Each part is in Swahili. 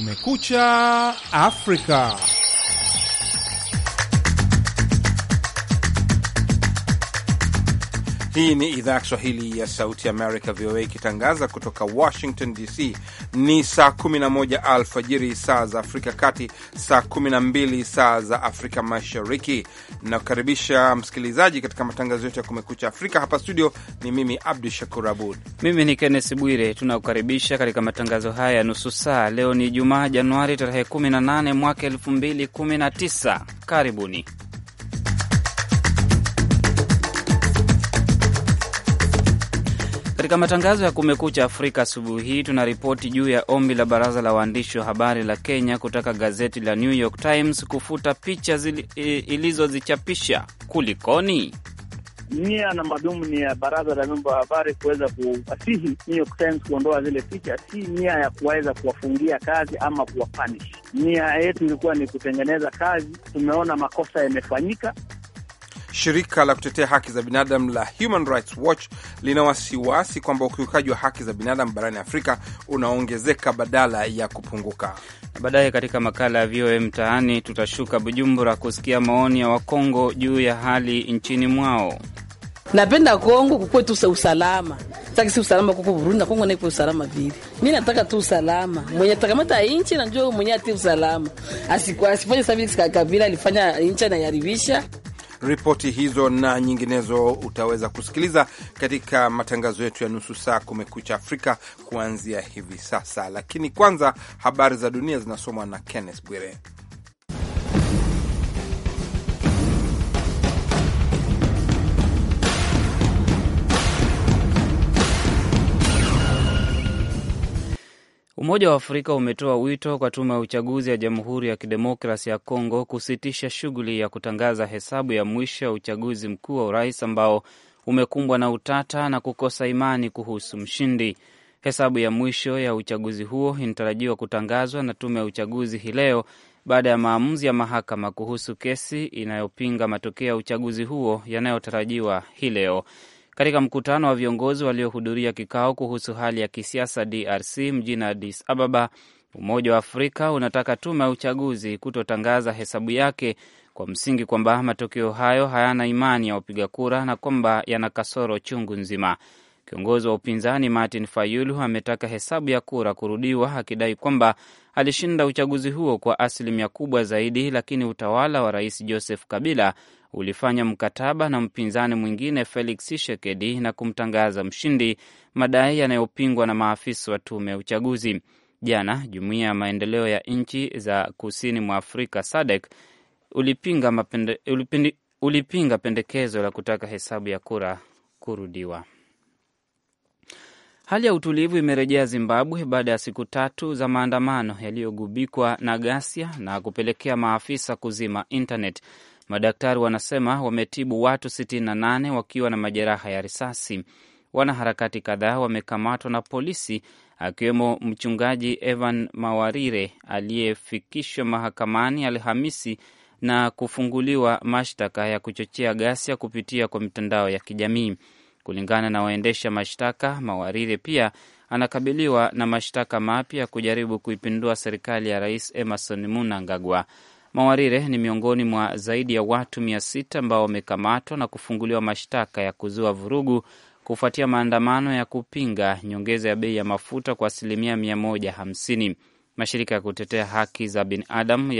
Me escucha África. Hii ni idhaa ya Kiswahili ya Sauti Amerika, VOA, ikitangaza kutoka Washington DC. Ni saa 11 alfajiri saa za Afrika Kati, saa 12 saa za Afrika Mashariki. Nakukaribisha msikilizaji katika matangazo yetu ya Kumekucha Afrika. Hapa studio ni mimi Abdu Shakur Abud, mimi ni Kennes Bwire. Tunakukaribisha katika matangazo haya ya nusu saa. Leo ni Jumaa, Januari tarehe 18 mwaka 2019. Karibuni. Katika matangazo ya Kumekucha Afrika asubuhi hii ripoti juu ya ombi la baraza la waandishi wa habari la Kenya kutaka gazeti la New York Times kufuta picha e, ilizozichapisha. Kulikoni? nia na madhumuni ya baraza la vyombo vya habari kuweza kuwasihi New York Times kuondoa zile picha, si nia ya kuweza kuwafungia kazi ama kuwapanish. Nia yetu ilikuwa ni kutengeneza kazi. Tumeona makosa yamefanyika, Shirika la kutetea haki za binadamu la Human Rights Watch lina wasiwasi kwamba ukiukaji wa haki za binadamu barani Afrika unaongezeka badala ya kupunguka. Baadaye katika makala ya VOA Mtaani tutashuka Bujumbura kusikia maoni ya Wakongo juu ya hali nchini mwao. Napenda Kongo kukuwe tu usalama. taki si usalama kuko Burundi na Kongo naiko usalama vile. Mi nataka tu usalama. Mwenye takamata inchi na njoo mwenye ati usalama. Asifanye savili kabila alifanya inchi na yaribisha. Ripoti hizo na nyinginezo utaweza kusikiliza katika matangazo yetu ya nusu saa Kumekucha Afrika kuanzia hivi sasa, lakini kwanza habari za dunia zinasomwa na Kenneth Bwire. Umoja wa Afrika umetoa wito kwa tume ya uchaguzi ya Jamhuri ya Kidemokrasi ya Kongo kusitisha shughuli ya kutangaza hesabu ya mwisho ya uchaguzi mkuu wa urais ambao umekumbwa na utata na kukosa imani kuhusu mshindi. Hesabu ya mwisho ya uchaguzi huo inatarajiwa kutangazwa na tume ya uchaguzi hii leo baada ya maamuzi ya mahakama kuhusu kesi inayopinga matokeo ya uchaguzi huo yanayotarajiwa hii leo katika mkutano wa viongozi waliohudhuria kikao kuhusu hali ya kisiasa DRC mjini Addis Ababa. Umoja wa Afrika unataka tume ya uchaguzi kutotangaza hesabu yake kwa msingi kwamba matokeo hayo hayana imani ya wapiga kura na kwamba yana kasoro chungu nzima. Kiongozi wa upinzani Martin Fayulu ametaka hesabu ya kura kurudiwa, akidai kwamba alishinda uchaguzi huo kwa asilimia kubwa zaidi, lakini utawala wa rais Joseph Kabila ulifanya mkataba na mpinzani mwingine Felix Tshisekedi na kumtangaza mshindi, madai yanayopingwa na maafisa wa tume ya uchaguzi. Jana jumuiya ya maendeleo ya nchi za kusini mwa Afrika SADC ulipinga, mapende, ulipindi, ulipinga pendekezo la kutaka hesabu ya kura kurudiwa. Hali ya utulivu imerejea Zimbabwe baada ya siku tatu za maandamano yaliyogubikwa na ghasia na kupelekea maafisa kuzima internet. Madaktari wanasema wametibu watu 68 wakiwa na majeraha ya risasi. Wanaharakati kadhaa wamekamatwa na polisi, akiwemo mchungaji Evan Mawarire aliyefikishwa mahakamani Alhamisi na kufunguliwa mashtaka ya kuchochea ghasia kupitia kwa mitandao ya kijamii. Kulingana na waendesha mashtaka, Mawarire pia anakabiliwa na mashtaka mapya ya kujaribu kuipindua serikali ya Rais Emerson Mnangagwa. Mawarire ni miongoni mwa zaidi ya watu mia sita ambao wamekamatwa na kufunguliwa mashtaka ya kuzua vurugu kufuatia maandamano ya kupinga nyongeza ya bei ya mafuta kwa asilimia mia moja hamsini. Mashirika ya kutetea haki za binadamu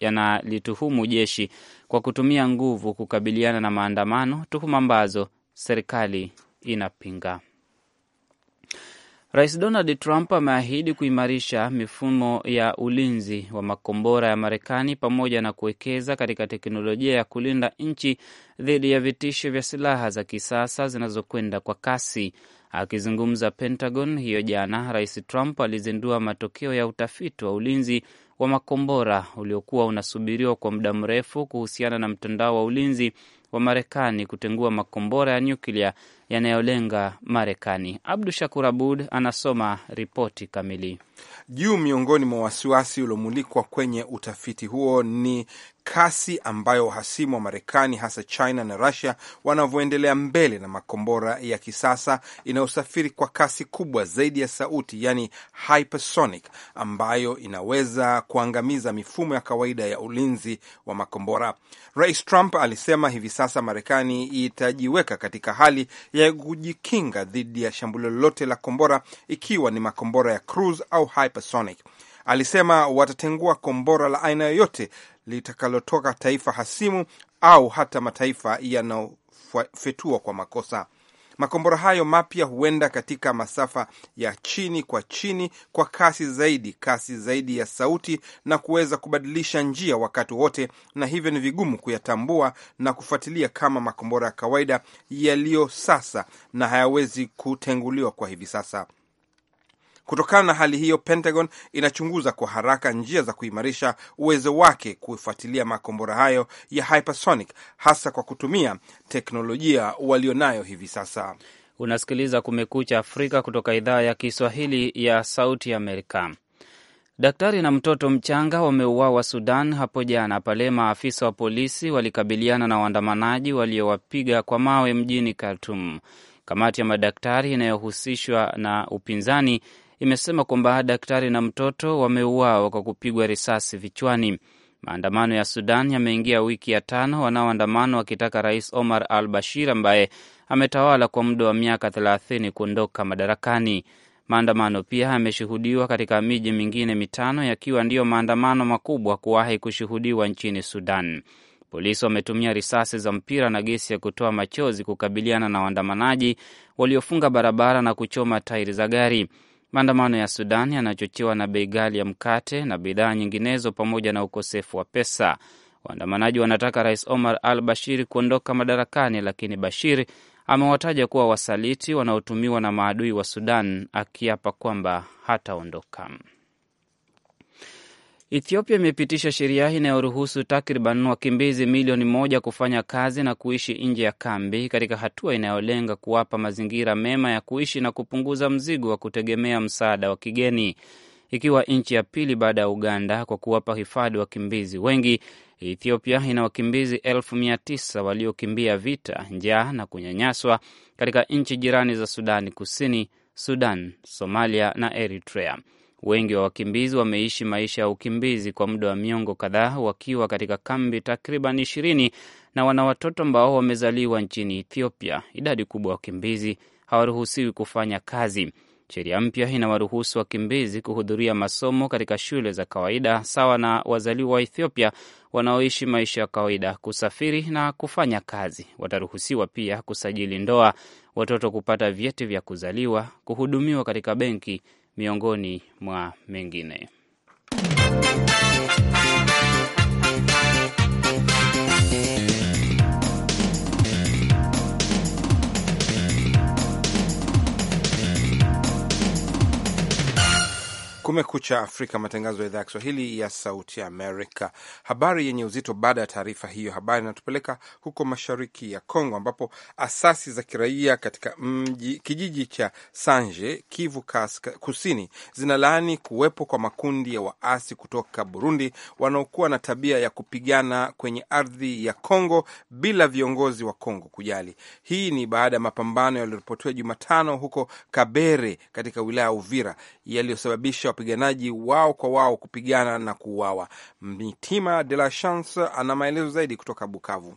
yanalituhumu jeshi kwa kutumia nguvu kukabiliana na maandamano, tuhuma ambazo serikali inapinga. Rais Donald Trump ameahidi kuimarisha mifumo ya ulinzi wa makombora ya Marekani pamoja na kuwekeza katika teknolojia ya kulinda nchi dhidi ya vitisho vya silaha za kisasa zinazokwenda kwa kasi. Akizungumza Pentagon hiyo jana, Rais Trump alizindua matokeo ya utafiti wa ulinzi wa makombora uliokuwa unasubiriwa kwa muda mrefu kuhusiana na mtandao wa ulinzi wa Marekani kutengua makombora ya nyuklia yanayolenga Marekani. Abdu Shakur Abud anasoma ripoti kamili. Juu miongoni mwa wasiwasi uliomulikwa kwenye utafiti huo ni kasi ambayo wahasimu wa Marekani hasa China na Russia wanavyoendelea mbele na makombora ya kisasa inayosafiri kwa kasi kubwa zaidi ya sauti, yani hypersonic, ambayo inaweza kuangamiza mifumo ya kawaida ya ulinzi wa makombora. Rais Trump alisema hivi sasa Marekani itajiweka katika hali ya kujikinga dhidi ya shambulio lolote la kombora, ikiwa ni makombora ya cruise au hypersonic. Alisema watatengua kombora la aina yoyote litakalotoka taifa hasimu au hata mataifa yanayofetua kwa makosa. Makombora hayo mapya huenda katika masafa ya chini kwa chini kwa kasi zaidi, kasi zaidi ya sauti na kuweza kubadilisha njia wakati wote, na hivyo ni vigumu kuyatambua na kufuatilia kama makombora ya kawaida yaliyo sasa, na hayawezi kutenguliwa kwa hivi sasa. Kutokana na hali hiyo, Pentagon inachunguza kwa haraka njia za kuimarisha uwezo wake kufuatilia makombora hayo ya hypersonic, hasa kwa kutumia teknolojia walionayo hivi sasa. Unasikiliza Kumekucha Afrika kutoka idhaa ya Kiswahili ya Sauti Amerika. Daktari na mtoto mchanga wameuawa Sudan hapo jana pale maafisa wa polisi walikabiliana na waandamanaji waliowapiga kwa mawe mjini Khartum. Kamati ya madaktari inayohusishwa na upinzani imesema kwamba daktari na mtoto wameuawa kwa kupigwa risasi vichwani. Maandamano ya Sudan yameingia wiki ya tano, wanaoandamana wakitaka Rais Omar al Bashir ambaye ametawala kwa muda wa miaka thelathini kuondoka madarakani. Maandamano pia yameshuhudiwa katika miji mingine mitano yakiwa ndiyo maandamano makubwa kuwahi kushuhudiwa nchini Sudan. Polisi wametumia risasi za mpira na gesi ya kutoa machozi kukabiliana na waandamanaji waliofunga barabara na kuchoma tairi za gari. Maandamano ya Sudan yanachochewa na bei ghali ya mkate na bidhaa nyinginezo pamoja na ukosefu wa pesa. Waandamanaji wanataka Rais Omar al Bashir kuondoka madarakani, lakini Bashir amewataja kuwa wasaliti wanaotumiwa na maadui wa Sudan, akiapa kwamba hataondoka. Ethiopia imepitisha sheria inayoruhusu takriban wakimbizi milioni moja kufanya kazi na kuishi nje ya kambi katika hatua inayolenga kuwapa mazingira mema ya kuishi na kupunguza mzigo wa kutegemea msaada wa kigeni. Ikiwa nchi ya pili baada ya Uganda kwa kuwapa hifadhi wakimbizi wengi, Ethiopia ina wakimbizi elfu mia tisa waliokimbia vita, njaa na kunyanyaswa katika nchi jirani za Sudani Kusini, Sudan, Somalia na Eritrea. Wengi wa wakimbizi wameishi maisha ya ukimbizi kwa muda wa miongo kadhaa wakiwa katika kambi takriban ishirini na wana watoto ambao wamezaliwa nchini Ethiopia. Idadi kubwa ya wakimbizi hawaruhusiwi kufanya kazi. Sheria mpya inawaruhusu wakimbizi kuhudhuria masomo katika shule za kawaida sawa na wazaliwa wa Ethiopia wanaoishi maisha ya kawaida, kusafiri na kufanya kazi. Wataruhusiwa pia kusajili ndoa, watoto kupata vyeti vya kuzaliwa, kuhudumiwa katika benki miongoni mwa mengine. Kumekucha Afrika, matangazo ya idhaa ya Kiswahili ya Sauti Amerika. Habari yenye uzito baada ya taarifa hiyo, habari inatupeleka huko mashariki ya Kongo, ambapo asasi za kiraia katika mji kijiji cha Sanje, Kivu Kaska, Kusini, zinalaani kuwepo kwa makundi ya waasi kutoka Burundi wanaokuwa na tabia ya kupigana kwenye ardhi ya Kongo bila viongozi wa Kongo kujali. Hii ni baada ya mapambano yaliyoripotiwa Jumatano huko Kabere katika wilaya ya Uvira yaliyosababisha wapiganaji wao kwa wao kupigana na kuuawa. Mitima de la Chance ana maelezo zaidi kutoka Bukavu.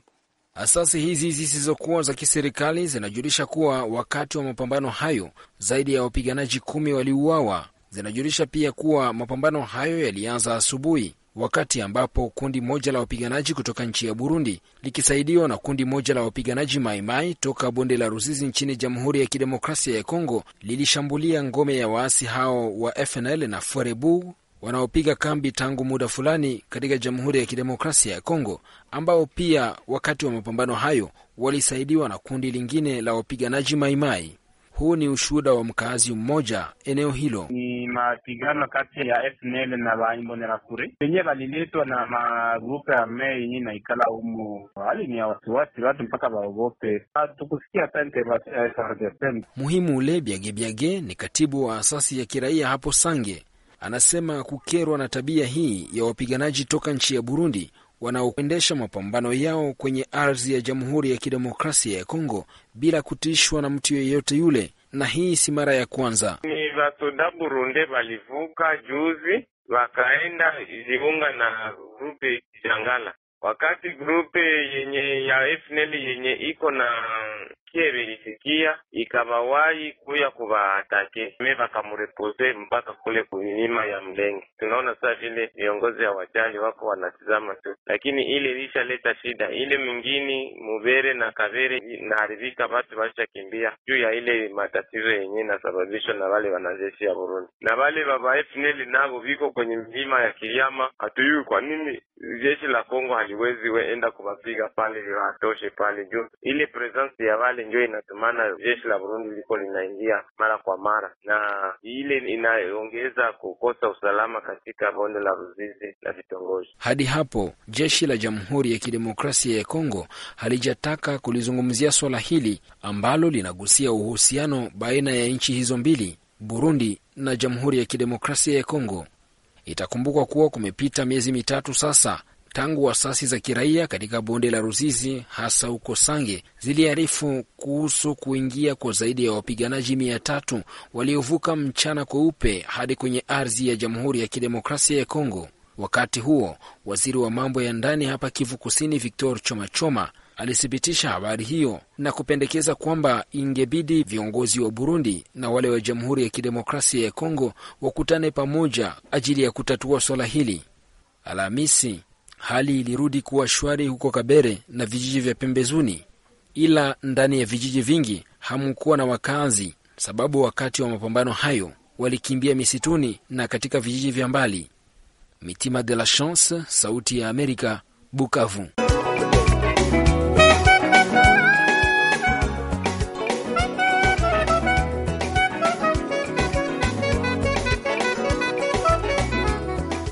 Asasi hizi zisizokuwa za kiserikali zinajulisha kuwa wakati wa mapambano hayo zaidi ya wapiganaji kumi waliuawa. Zinajulisha pia kuwa mapambano hayo yalianza asubuhi wakati ambapo kundi moja la wapiganaji kutoka nchi ya Burundi likisaidiwa na kundi moja la wapiganaji Maimai toka bonde la Ruzizi nchini Jamhuri ya Kidemokrasia ya Kongo lilishambulia ngome ya waasi hao wa FNL na Forebu wanaopiga kambi tangu muda fulani katika Jamhuri ya Kidemokrasia ya Kongo, ambao pia wakati wa mapambano hayo walisaidiwa na kundi lingine la wapiganaji Maimai. Huu ni ushuhuda wa mkaazi mmoja eneo hilo. Ni mapigano kati ya FNL na vaimbonera wenyewe waliletwa valiletwa na magrupu ya mmea yenyewe naikala humu. Hali ni ya wasiwasi, watu mpaka waogope, tukusikia hata intervention muhimu. Ule biagebiage ni katibu wa asasi ya kiraia hapo Sange, anasema kukerwa na tabia hii ya wapiganaji toka nchi ya Burundi wanaoendesha mapambano yao kwenye ardhi ya Jamhuri ya Kidemokrasia ya Kongo bila kutishwa na mtu yeyote yule, na hii si mara ya kwanza. Ni vasoda Burunde walivuka juzi wakaenda jiunga na grupe Kijangala, wakati grupe yenye ya FNL yenye iko na kievelisikia ikawawahi kuya kubaatake me vakamurepose mpaka kule kumilima ya Mlenge. Tunaona sasa vile viongozi ya wajali wako wanatizama tu, lakini ile ilishaleta shida ile. Mwingine Muvere na Kavere inaharibika, watu washakimbia juu ya ile matatizo yenye inasababishwa na wale wanajeshi ya Burundi na wale baba FNL navo viko kwenye milima ya Kiriama. hatuyui kwa nini jeshi la Kongo haliwezi enda kuvapiga pale, watoshe pale juu ile presence ya wale pale ndio inatumana jeshi la Burundi liko linaingia mara kwa mara, na ile inaongeza kukosa usalama katika bonde la Ruzizi na vitongoji. Hadi hapo jeshi la Jamhuri ya Kidemokrasia ya Kongo halijataka kulizungumzia swala hili ambalo linagusia uhusiano baina ya nchi hizo mbili, Burundi na Jamhuri ya Kidemokrasia ya Kongo. Itakumbukwa kuwa kumepita miezi mitatu sasa tangu asasi za kiraia katika bonde la Ruzizi hasa huko Sange ziliarifu kuhusu kuingia kwa zaidi ya wapiganaji mia tatu waliovuka mchana kweupe hadi kwenye ardhi ya Jamhuri ya Kidemokrasia ya Kongo. Wakati huo waziri wa mambo ya ndani hapa Kivu Kusini, Victor Chomachoma, alithibitisha habari hiyo na kupendekeza kwamba ingebidi viongozi wa Burundi na wale wa Jamhuri ya Kidemokrasia ya Kongo wakutane pamoja ajili ya kutatua swala hili. Alhamisi Hali ilirudi kuwa shwari huko Kabere na vijiji vya pembezuni ila ndani ya vijiji vingi hamkuwa na wakazi, sababu wakati wa mapambano hayo walikimbia misituni na katika vijiji vya mbali. Mitima de la Chance, Sauti ya Amerika, Bukavu.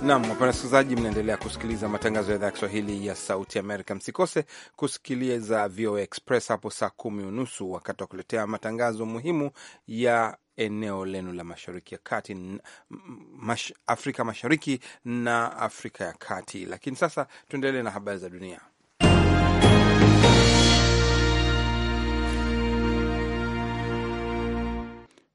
Nam wapenda wasikilizaji, mnaendelea kusikiliza matangazo ya idhaa ya Kiswahili ya Sauti Amerika. Msikose kusikiliza VOA Express hapo saa kumi unusu wakati wa kuletea matangazo muhimu ya eneo lenu la Mashariki ya Kati, Afrika Mashariki na Afrika ya Kati. Lakini sasa tuendelee na habari za dunia.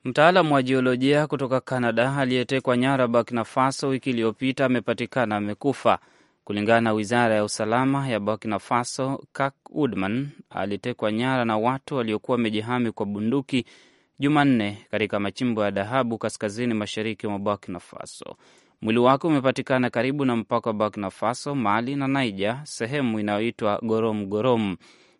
Mtaalamu wa jiolojia kutoka Canada aliyetekwa nyara Burkina Faso wiki iliyopita amepatikana amekufa, kulingana na wizara ya usalama ya Burkina Faso. Kak Udman alitekwa nyara na watu waliokuwa wamejihami kwa bunduki Jumanne katika machimbo ya dhahabu kaskazini mashariki mwa Burkina Faso. Mwili wake umepatikana karibu na mpaka wa Burkina Faso, Mali na Niger, sehemu inayoitwa Gorom Gorom.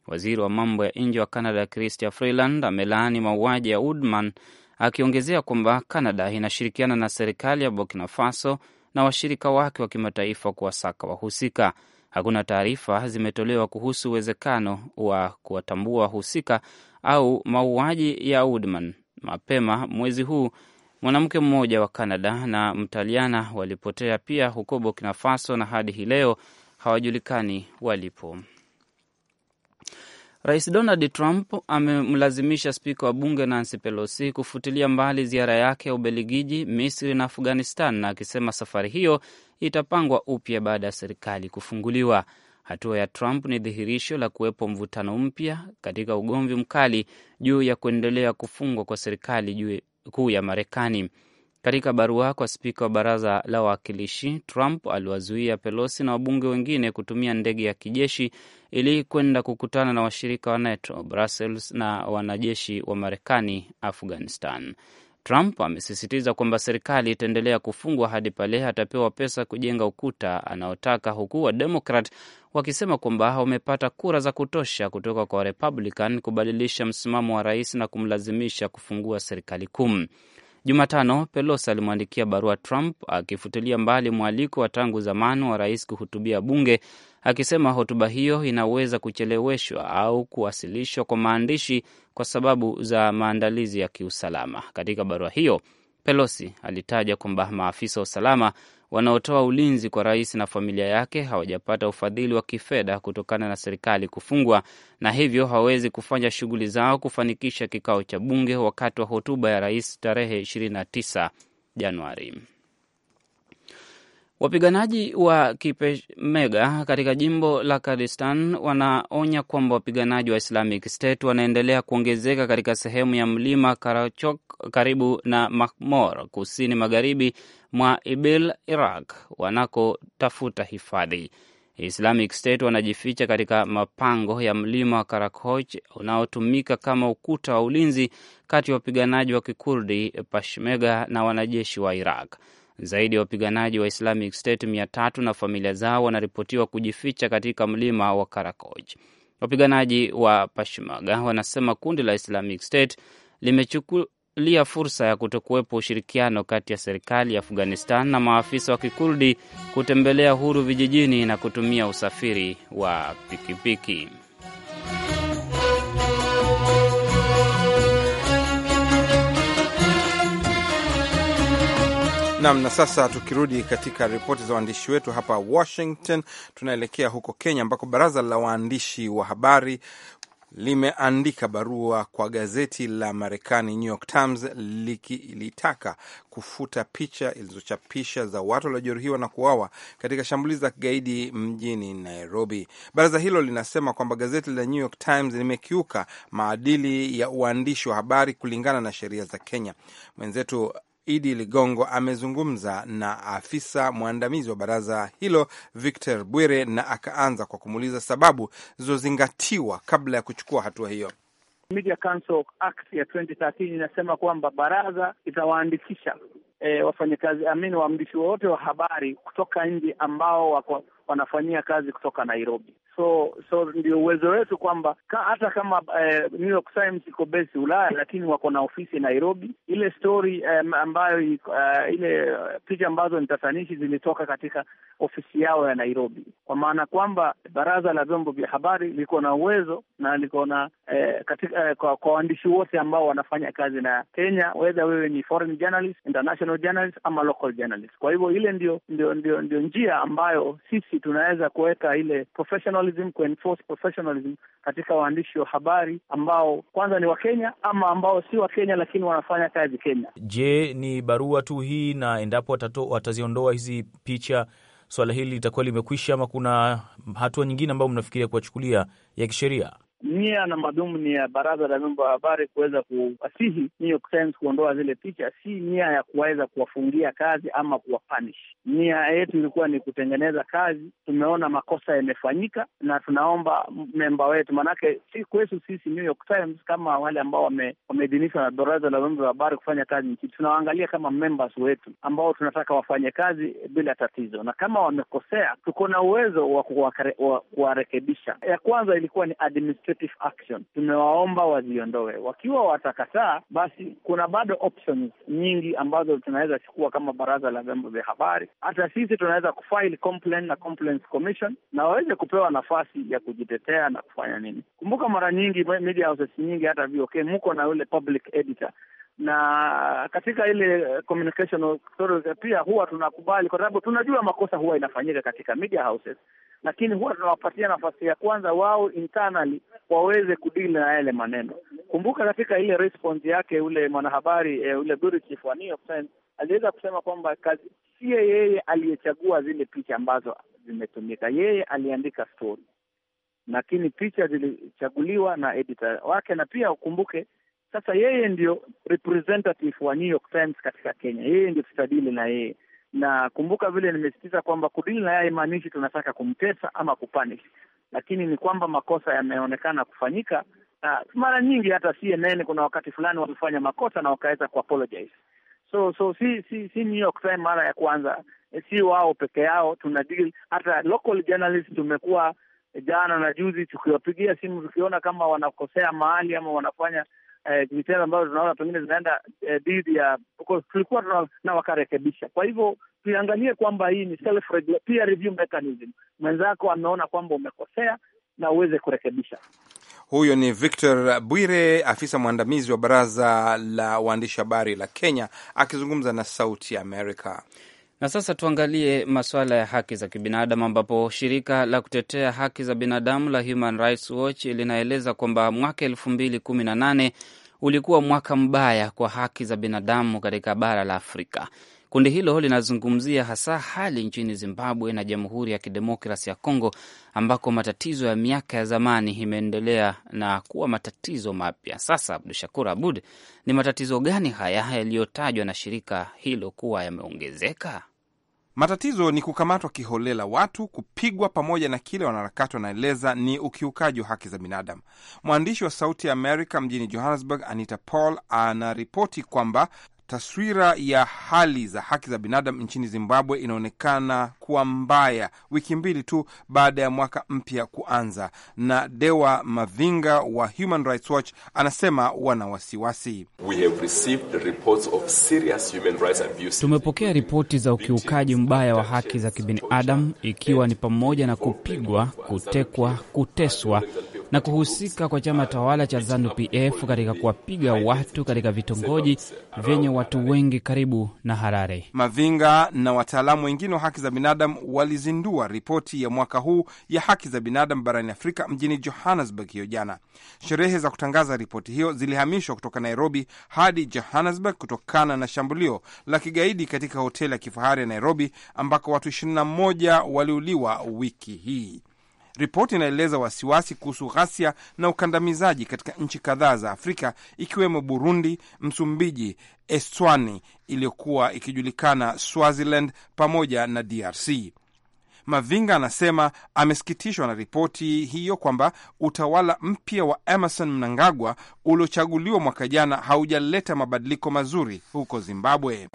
Waziri wa mambo ya nje wa Canada Chrystia Freeland amelaani mauaji ya Udman akiongezea kwamba Canada inashirikiana na serikali ya Burkina Faso na washirika wake wa kimataifa kuwasaka wahusika. Hakuna taarifa zimetolewa kuhusu uwezekano wa kuwatambua wahusika au mauaji ya Udman. Mapema mwezi huu mwanamke mmoja wa Canada na Mtaliana walipotea pia huko Burkina Faso na hadi hii leo hawajulikani walipo. Rais Donald Trump amemlazimisha spika wa bunge Nancy Pelosi kufutilia mbali ziara yake ya Ubelgiji, Misri na Afghanistan, na akisema safari hiyo itapangwa upya baada ya serikali kufunguliwa. Hatua ya Trump ni dhihirisho la kuwepo mvutano mpya katika ugomvi mkali juu ya kuendelea kufungwa kwa serikali kuu ya Marekani. Katika barua kwa spika wa baraza la wawakilishi, Trump aliwazuia Pelosi na wabunge wengine kutumia ndege ya kijeshi ili kwenda kukutana na washirika wa NATO Brussels na wanajeshi wa Marekani Afghanistan. Trump amesisitiza kwamba serikali itaendelea kufungwa hadi pale atapewa pesa kujenga ukuta anaotaka, huku Wademokrat wakisema kwamba wamepata kura za kutosha kutoka kwa republican kubadilisha msimamo wa rais na kumlazimisha kufungua serikali kum Jumatano, Pelosi alimwandikia barua Trump akifutilia mbali mwaliko wa tangu zamani wa rais kuhutubia bunge, akisema hotuba hiyo inaweza kucheleweshwa au kuwasilishwa kwa maandishi kwa sababu za maandalizi ya kiusalama. Katika barua hiyo Pelosi alitaja kwamba maafisa wa usalama wanaotoa ulinzi kwa rais na familia yake hawajapata ufadhili wa kifedha kutokana na serikali kufungwa na hivyo hawawezi kufanya shughuli zao kufanikisha kikao cha bunge wakati wa hotuba ya rais tarehe 29 Januari. Wapiganaji wa Kipemega katika jimbo la Kurdistan wanaonya kwamba wapiganaji wa Islamic State wanaendelea kuongezeka katika sehemu ya mlima Karachok karibu na Mahmor kusini magharibi mwa Ibil, Iraq, wanakotafuta hifadhi. Islamic State wanajificha katika mapango ya mlima wa Karakoch unaotumika kama ukuta wa ulinzi kati ya wapiganaji wa Kikurdi Peshmerga na wanajeshi wa Iraq. Zaidi ya wapiganaji wa Islamic State mia tatu na familia zao wanaripotiwa kujificha katika mlima wa Karakoj. Wapiganaji wa Peshmerga wanasema kundi la Islamic State limechukulia fursa ya kutokuwepo ushirikiano kati ya serikali ya Afghanistan na maafisa wa Kikurdi kutembelea huru vijijini na kutumia usafiri wa pikipiki. Nam. Na sasa tukirudi katika ripoti za waandishi wetu hapa Washington, tunaelekea huko Kenya ambako baraza la waandishi wa habari limeandika barua kwa gazeti la Marekani New York Times likilitaka kufuta picha ilizochapisha za watu waliojeruhiwa na kuawa katika shambulizi za kigaidi mjini Nairobi. Baraza hilo linasema kwamba gazeti la New York Times limekiuka maadili ya uandishi wa habari kulingana na sheria za Kenya. Mwenzetu Idi Ligongo amezungumza na afisa mwandamizi wa baraza hilo Victor Bwire, na akaanza kwa kumuuliza sababu zilizozingatiwa kabla ya kuchukua hatua hiyo. Media Council Act ya 2013 inasema kwamba baraza itawaandikisha e, wafanyakazi amini waandishi wote wa habari kutoka nje ambao wako wanafanyia kazi kutoka Nairobi so so ndio uwezo wetu kwamba hata kama eh, New York Times iko besi Ulaya, lakini wako na ofisi Nairobi. Ile story eh, ambayo eh, ile eh, picha ambazo ni tatanishi zilitoka katika ofisi yao ya Nairobi, kwa maana kwamba baraza la vyombo vya habari liko na uwezo na liko na eh, katika, eh, kwa, kwa waandishi wote ambao wanafanya kazi na Kenya, whether wewe ni foreign journalist, international journalist ama local journalist. Kwa hivyo ile ndio ndio ndio njia ambayo sisi tunaweza kuweka ile professional professionalism, kuenforce professionalism katika waandishi wa habari ambao kwanza ni Wakenya ama ambao si Wakenya lakini wanafanya kazi Kenya. Je, ni barua tu hii, na endapo watato, wataziondoa hizi picha swala hili litakuwa limekwisha ama kuna hatua nyingine ambayo mnafikiria kuwachukulia ya kisheria? nia na madhumuni ya Baraza la Vyombo vya Habari kuweza kuwasihi New York Times kuondoa zile picha, si nia ya kuweza kuwafungia kazi ama kuwapanish. Nia yetu ilikuwa ni kutengeneza kazi. Tumeona makosa yamefanyika, na tunaomba memba wetu, maanake si kwetu sisi New York Times kama wale ambao wameidhinishwa na Baraza la Vyombo vya Habari kufanya kazi nchini, tunawaangalia kama members wetu ambao tunataka wafanye kazi bila tatizo, na kama wamekosea, tuko na uwezo wa kuwarekebisha. Ya kwanza ilikuwa ni administrative action, tumewaomba waziondoe. Wakiwa watakataa, basi kuna bado options nyingi ambazo tunaweza chukua kama baraza la vyombo vya habari. Hata sisi tunaweza kufile complaint na complaints commission, na waweze kupewa nafasi ya kujitetea na kufanya nini. Kumbuka mara nyingi media houses nyingi, hata VOK muko na yule public editor na katika ile eh, communication pia huwa tunakubali, kwa sababu tunajua makosa huwa inafanyika katika media houses, lakini huwa tunawapatia nafasi ya kwanza wao internally waweze kudili na yale maneno. Kumbuka katika ile response yake ule mwanahabari eh, ule wa New York Times aliweza kusema kwamba kazi sio yeye aliyechagua zile picha ambazo zimetumika, yeye aliandika story, lakini picha zilichaguliwa na editor wake, na pia ukumbuke sasa yeye ndio representative wa New York Times katika Kenya, yeye ndio tutadili na yeye na kumbuka vile nimesitiza kwamba kudili na yeye haimaanishi tunataka kumtesa ama kupanish, lakini ni kwamba makosa yameonekana kufanyika, na mara nyingi hata CNN kuna wakati fulani wamefanya makosa na wakaweza kuapologize. So so si si, si New York Times mara ya kwanza, si wao peke yao. Tuna deal hata local journalists, tumekuwa jana na juzi tukiwapigia simu tukiona kama wanakosea mahali ama wanafanya jitihada eh, ambazo tunaona pengine zinaenda eh, dhidi ya, tulikuwa na wakarekebisha. Kwa hivyo tuiangalie kwamba hii ni self peer review mechanism, mwenzako ameona kwamba umekosea na uweze kurekebisha. Huyo ni Victor Bwire, afisa mwandamizi wa baraza la waandishi habari la Kenya, akizungumza na Sauti ya Amerika. Na sasa tuangalie masuala ya haki za kibinadamu ambapo shirika la kutetea haki za binadamu la Human Rights Watch linaeleza kwamba mwaka elfu mbili kumi na nane ulikuwa mwaka mbaya kwa haki za binadamu katika bara la Afrika. Kundi hilo linazungumzia hasa hali nchini Zimbabwe na Jamhuri ya Kidemokrasi ya Kongo, ambako matatizo ya miaka ya zamani imeendelea na kuwa matatizo mapya sasa. Abdu Shakur Abud, ni matatizo gani haya yaliyotajwa na shirika hilo kuwa yameongezeka? Matatizo ni kukamatwa kiholela watu, kupigwa, pamoja na kile wanaharakati wanaeleza ni ukiukaji wa haki za binadamu. Mwandishi wa Sauti ya Amerika mjini Johannesburg, Anita Paul anaripoti kwamba Taswira ya hali za haki za binadamu nchini Zimbabwe inaonekana kuwa mbaya wiki mbili tu baada ya mwaka mpya kuanza, na Dewa Mavinga wa Human Rights Watch anasema wana wasiwasi. Tumepokea ripoti za ukiukaji mbaya wa haki za kibinadamu, ikiwa ni pamoja na kupigwa, kutekwa, kuteswa na kuhusika kwa chama tawala cha ZANU PF katika kuwapiga watu katika vitongoji vyenye watu wengi karibu na Harare. Mavinga na wataalamu wengine wa haki za binadamu walizindua ripoti ya mwaka huu ya haki za binadamu barani Afrika mjini Johannesburg hiyo jana. Sherehe za kutangaza ripoti hiyo zilihamishwa kutoka Nairobi hadi Johannesburg kutokana na shambulio la kigaidi katika hoteli ya kifahari ya Nairobi ambako watu 21 waliuliwa wiki hii. Ripoti inaeleza wasiwasi kuhusu ghasia na ukandamizaji katika nchi kadhaa za Afrika ikiwemo Burundi, Msumbiji, estwani iliyokuwa ikijulikana Swaziland pamoja na DRC. Mavinga anasema amesikitishwa na ripoti hiyo kwamba utawala mpya wa Emerson Mnangagwa uliochaguliwa mwaka jana haujaleta mabadiliko mazuri huko Zimbabwe.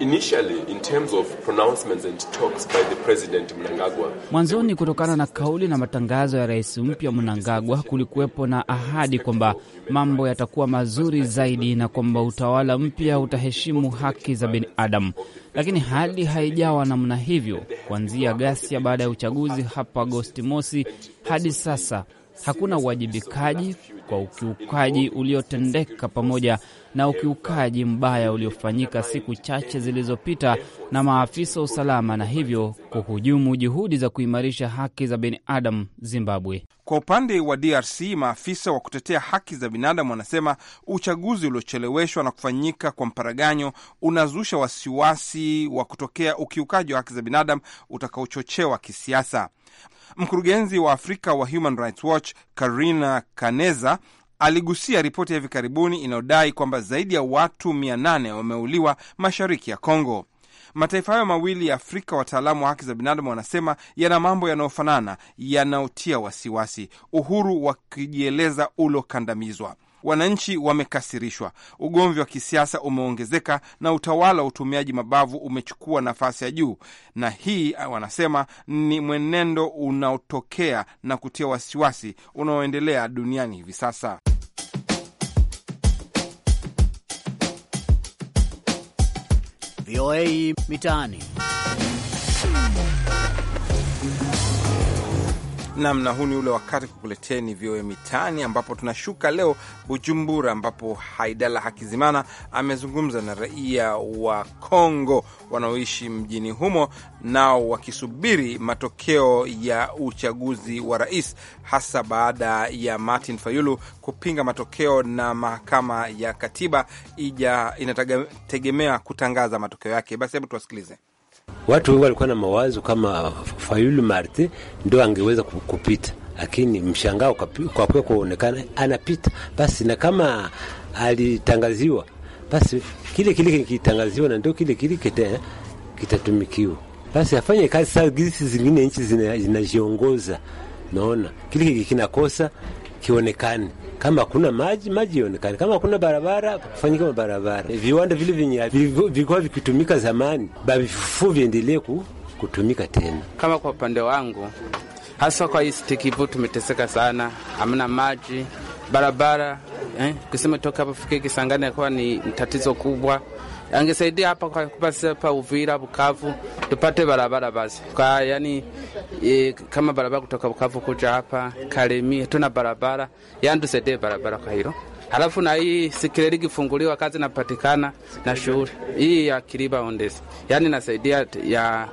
Mwanzoni, kutokana na kauli na matangazo ya rais mpya Mnangagwa, kulikuwepo na ahadi kwamba mambo yatakuwa mazuri zaidi na kwamba utawala mpya utaheshimu haki za binadamu lakini hali haijawa namna hivyo, kuanzia ghasia baada ya uchaguzi hapa Agosti mosi hadi sasa Hakuna uwajibikaji kwa ukiukaji uliotendeka pamoja na ukiukaji mbaya uliofanyika siku chache zilizopita na maafisa wa usalama na hivyo kuhujumu juhudi za kuimarisha haki za binadamu Zimbabwe. Kwa upande wa DRC, maafisa wa kutetea haki za binadamu wanasema uchaguzi uliocheleweshwa na kufanyika kwa mparaganyo unazusha wasiwasi wa kutokea ukiukaji wa haki za binadamu utakaochochewa kisiasa. Mkurugenzi wa Afrika wa Human Rights Watch Karina Kaneza aligusia ripoti ya hivi karibuni inayodai kwamba zaidi ya watu 800 wameuliwa mashariki ya Kongo. Mataifa hayo mawili ya Afrika, wataalamu wa haki za binadamu wanasema yana mambo yanayofanana yanayotia wasiwasi: uhuru wa kujieleza uliokandamizwa. Wananchi wamekasirishwa, ugomvi wa kisiasa umeongezeka na utawala wa utumiaji mabavu umechukua nafasi ya juu, na hii ah, wanasema ni mwenendo unaotokea na kutia wasiwasi unaoendelea duniani hivi sasa. VOA Mitaani. Nam, na huu ni ule wakati kukuleteni VOA Mitaani, ambapo tunashuka leo Bujumbura, ambapo Haidala Hakizimana amezungumza na raia wa Kongo wanaoishi mjini humo, nao wakisubiri matokeo ya uchaguzi wa rais, hasa baada ya Martin Fayulu kupinga matokeo na mahakama ya katiba ija inategemea kutangaza matokeo yake. Basi hebu tuwasikilize. Watu wengi walikuwa na mawazo kama Fayulu Marti ndio angeweza kupita, lakini mshangao kwa kwa kuonekana anapita basi, na kama alitangaziwa basi kile kile kilikitangaziwa na ndio kile kile kitatumikiwa. Basi afanye kazi Sasa gisi zingine nchi zinajiongoza, naona kile kile kinakosa kionekane. Kama kuna maji, maji ionekane. Kama kuna barabara, kufanyika mabarabara. Viwanda vile vyenye vilikuwa vikitumika zamani, bavifufuu viendelee kutumika tena. Kama kwa upande wangu, hasa kwa hii tumeteseka sana, hamna maji, barabara eh, kusema toka hapa fike Kisangani akuwa ni tatizo kubwa angesaidia hapa kwa kupasa pa Uvira, Bukavu tupate barabara basi kwa yani e, kama barabara kutoka Bukavu kuja hapa Kalemi tuna barabara, yani tusaidie barabara kwa hilo. Halafu na hii sikileri kifunguliwa kazi napatikana na shughuli hii ya Kiliba Ondesi, yani nasaidia ya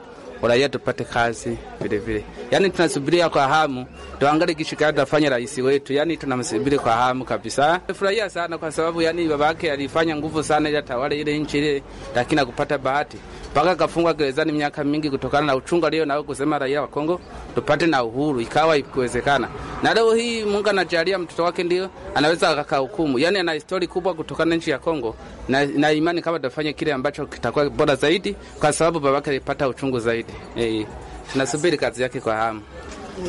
raia tupate kazi vilevile. Yani tunasubiria kwa hamu tuangalie kitu gani atafanya rais wetu, yani tunamsubiri kwa hamu kabisa. Furahia sana kwa sababu yani baba yake alifanya nguvu sana ili atawale ile nchi ile, lakini akupata bahati mpaka akafungwa gerezani miaka mingi kutokana na uchungu alio nao, kusema raia wa Kongo tupate na uhuru, ikawa ikuwezekana. Na leo hii Mungu anajalia mtoto wake ndio anaweza hukumu, yani ana histori kubwa kutokana na nchi ya Kongo na, na imani kama tafanya kile ambacho kitakuwa bora zaidi, kwa sababu babake alipata uchungu zaidi eh, tunasubiri kazi yake kwa hamu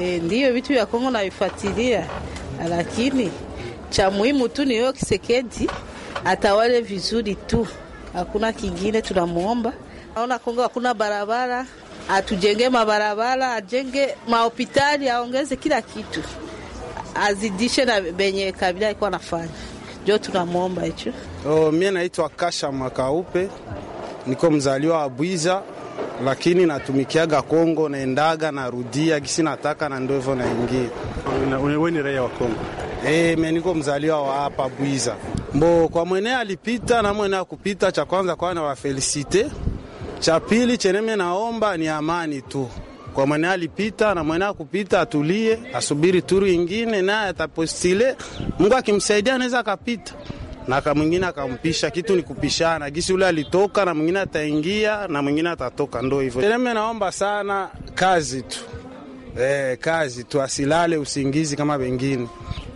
Eh, ndio vitu vya Kongo navifuatilia, lakini cha muhimu tu ni yo Kisekedi atawale vizuri tu, hakuna kingine tunamuomba. Naona Kongo hakuna barabara, atujenge mabarabara, ajenge mahopitali, aongeze kila kitu, azidishe na benye kabila alikuwa nafanya ndio tunamwomba hicho. Oh, mie naitwa Kasha Makaupe, niko mzaliwa wa Bwiza lakini natumikiaga Kongo, naendaga narudia gisi nataka na ndio hivyo naingia. Wewe ni raia wa Kongo? E, eh, meniko mzaliwa wa hapa Bwiza mbo kwa mwene alipita na mwene akupita. Cha kwanza kwa na wafelisite, cha pili cheneme naomba ni amani tu kwa mwene alipita na mwene akupita, atulie asubiri turu ingine, naye atapostile Mungu akimsaidia anaweza akapita na mwingine akampisha. Kitu ni kupishana, gisi ule alitoka na mwingine ataingia na mwingine atatoka, ndo hivyo. Teleme, naomba sana kazi tu e, kazi tu, asilale usingizi kama wengine.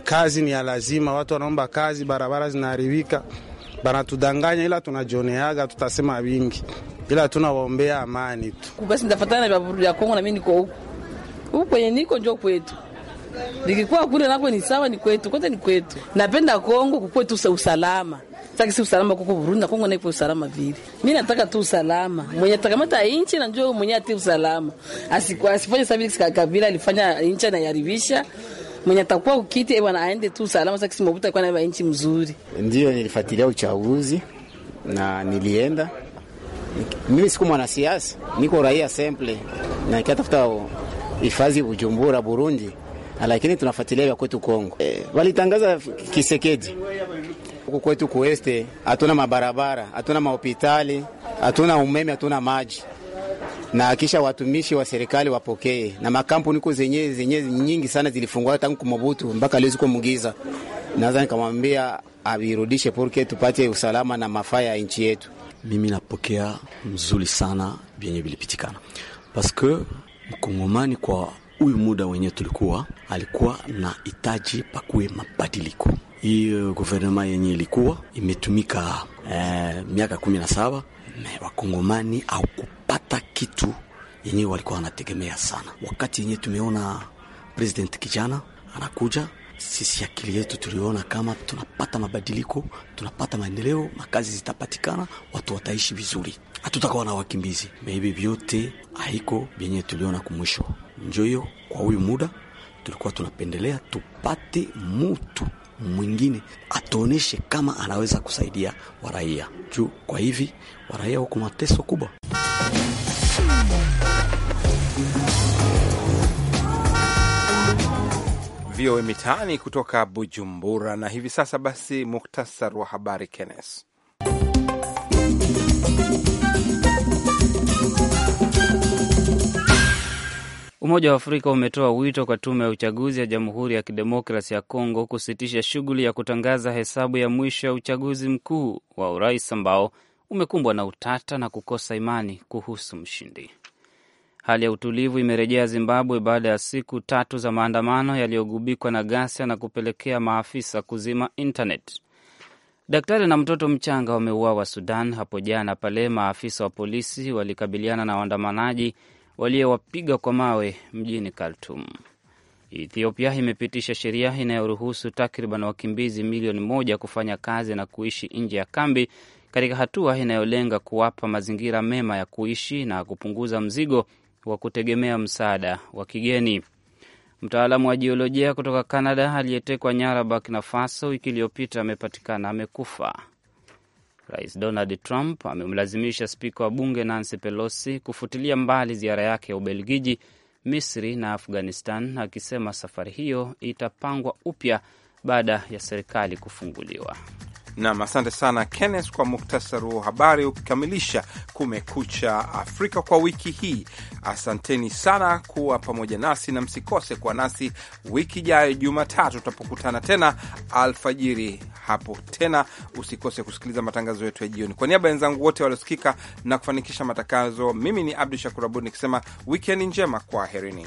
Kazi ni ya lazima, watu wanaomba kazi, barabara zinaharibika, banatudanganya, ila tunajioneaga, tutasema vingi, ila tunawaombea amani tu. Basi ndafatana na vya Kongo na mimi niko huko huko kwenye niko kwetu nikikuwa kule nako ni sawa, ni kwetu kote, ni kwetu. Napenda Kongo kukwetu usalama si usalama kuko Burundi na Kongo na ipo usalama vile. Mimi nataka tu usalama. Mwenye atakamata inchi na njoo mwenye ati usalama. Asikwa asifanye sabili kabila alifanya inchi na yaribisha. Mwenye atakuwa ukiti ewa eh, na aende tu usalama sasa kisimabuta kwa na inchi mzuri. Ndio nilifuatilia uchaguzi na nilienda. Mimi siku mwanasiasa, niko raia simple na nikatafuta hifadhi Bujumbura Burundi. Ah, lakini tunafuatilia vya kwetu Kongo. E, walitangaza Kisekedi huku kwetu kueste, hatuna mabarabara, hatuna mahopitali, hatuna umeme, hatuna maji na kisha watumishi wa serikali wapokee na makampuni ko zenye zenye nyingi sana zilifungwa tangu kumobutu mpaka leo ziko mugiza. Naweza nikamwambia avirudishe porke tupate usalama na mafaa ya nchi yetu. Mimi napokea mzuri sana vyenye vilipitikana, paske mkongomani kwa huyu muda wenye tulikuwa alikuwa na hitaji pakuwe mabadiliko. Hiyo guvernema yenye ilikuwa imetumika eh, miaka kumi na saba wakongomani au kupata kitu yenye walikuwa wanategemea sana. Wakati yenye tumeona president kijana anakuja, sisi akili yetu tuliona kama tunapata mabadiliko, tunapata maendeleo, makazi zitapatikana, watu wataishi vizuri, hatutakuwa na wakimbizi. mehivi vyote haiko vyenye tuliona kumwisho Njo hiyo kwa huyu muda tulikuwa tunapendelea tupate mutu mwingine atuoneshe kama anaweza kusaidia waraia juu kwa hivi waraia huko mateso kubwa. VOA Mitaani kutoka Bujumbura. Na hivi sasa basi, muktasar wa habari Kennes Umoja wa Afrika umetoa wito kwa tume ya uchaguzi ya Jamhuri ya Kidemokrasi ya Kongo kusitisha shughuli ya kutangaza hesabu ya mwisho ya uchaguzi mkuu wa urais ambao umekumbwa na utata na kukosa imani kuhusu mshindi. Hali ya utulivu imerejea Zimbabwe baada ya siku tatu za maandamano yaliyogubikwa na ghasia na kupelekea maafisa kuzima internet. Daktari na mtoto mchanga wameuawa Sudan hapo jana pale maafisa wa polisi walikabiliana na waandamanaji waliowapiga kwa mawe mjini Khartum. Ethiopia imepitisha sheria inayoruhusu takriban wakimbizi milioni moja kufanya kazi na kuishi nje ya kambi katika hatua inayolenga kuwapa mazingira mema ya kuishi na kupunguza mzigo wa kutegemea msaada wa kigeni. Mtaalamu wa jiolojia kutoka Canada aliyetekwa nyara Burkina Faso wiki iliyopita amepatikana amekufa. Rais Donald Trump amemlazimisha spika wa bunge Nancy Pelosi kufutilia mbali ziara yake ya Ubelgiji, Misri na Afghanistan, akisema safari hiyo itapangwa upya baada ya serikali kufunguliwa. Nam, asante sana Kenneth kwa muktasari wa habari ukikamilisha Kumekucha Afrika kwa wiki hii. Asanteni sana kuwa pamoja nasi na msikose kuwa nasi wiki ijayo Jumatatu tutapokutana tena alfajiri. Hapo tena usikose kusikiliza matangazo yetu ya jioni. Kwa niaba ya wenzangu wote waliosikika na kufanikisha matangazo, mimi ni Abdu Shakur Abud nikisema wikendi njema, kwa herini